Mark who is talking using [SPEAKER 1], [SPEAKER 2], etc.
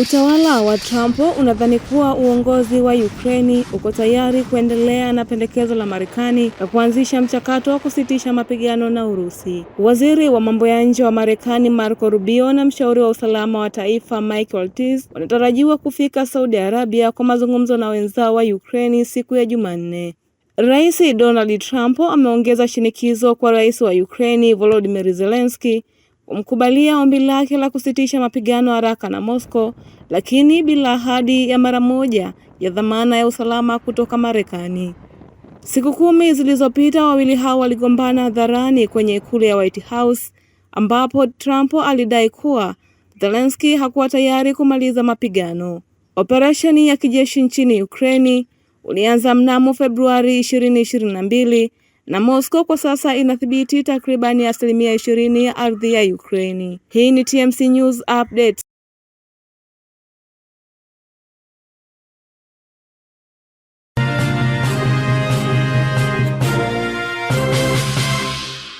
[SPEAKER 1] Utawala wa Trump unadhani kuwa uongozi wa Ukraini uko tayari kuendelea na pendekezo la Marekani la kuanzisha mchakato wa kusitisha mapigano na Urusi. Waziri wa mambo ya nje wa Marekani Marco Rubio na mshauri wa usalama wa taifa Mike Ortiz wanatarajiwa kufika Saudi Arabia kwa mazungumzo na wenzao wa Ukraini siku ya Jumanne. Rais Donald Trump ameongeza shinikizo kwa Rais wa Ukraini Volodymyr Zelensky kumkubalia ombi lake la kusitisha mapigano haraka na Moscow, lakini bila ahadi ya mara moja ya dhamana ya usalama kutoka Marekani. Siku kumi zilizopita wawili hao waligombana hadharani kwenye ikulu ya White House ambapo Trump alidai kuwa Zelensky hakuwa tayari kumaliza mapigano. Operesheni ya kijeshi nchini Ukraini ulianza mnamo Februari 2022 na Moscow kwa sasa inathibiti takribani asilimia ishirini ya ardhi ya Ukraini. Hii ni TMC News Update.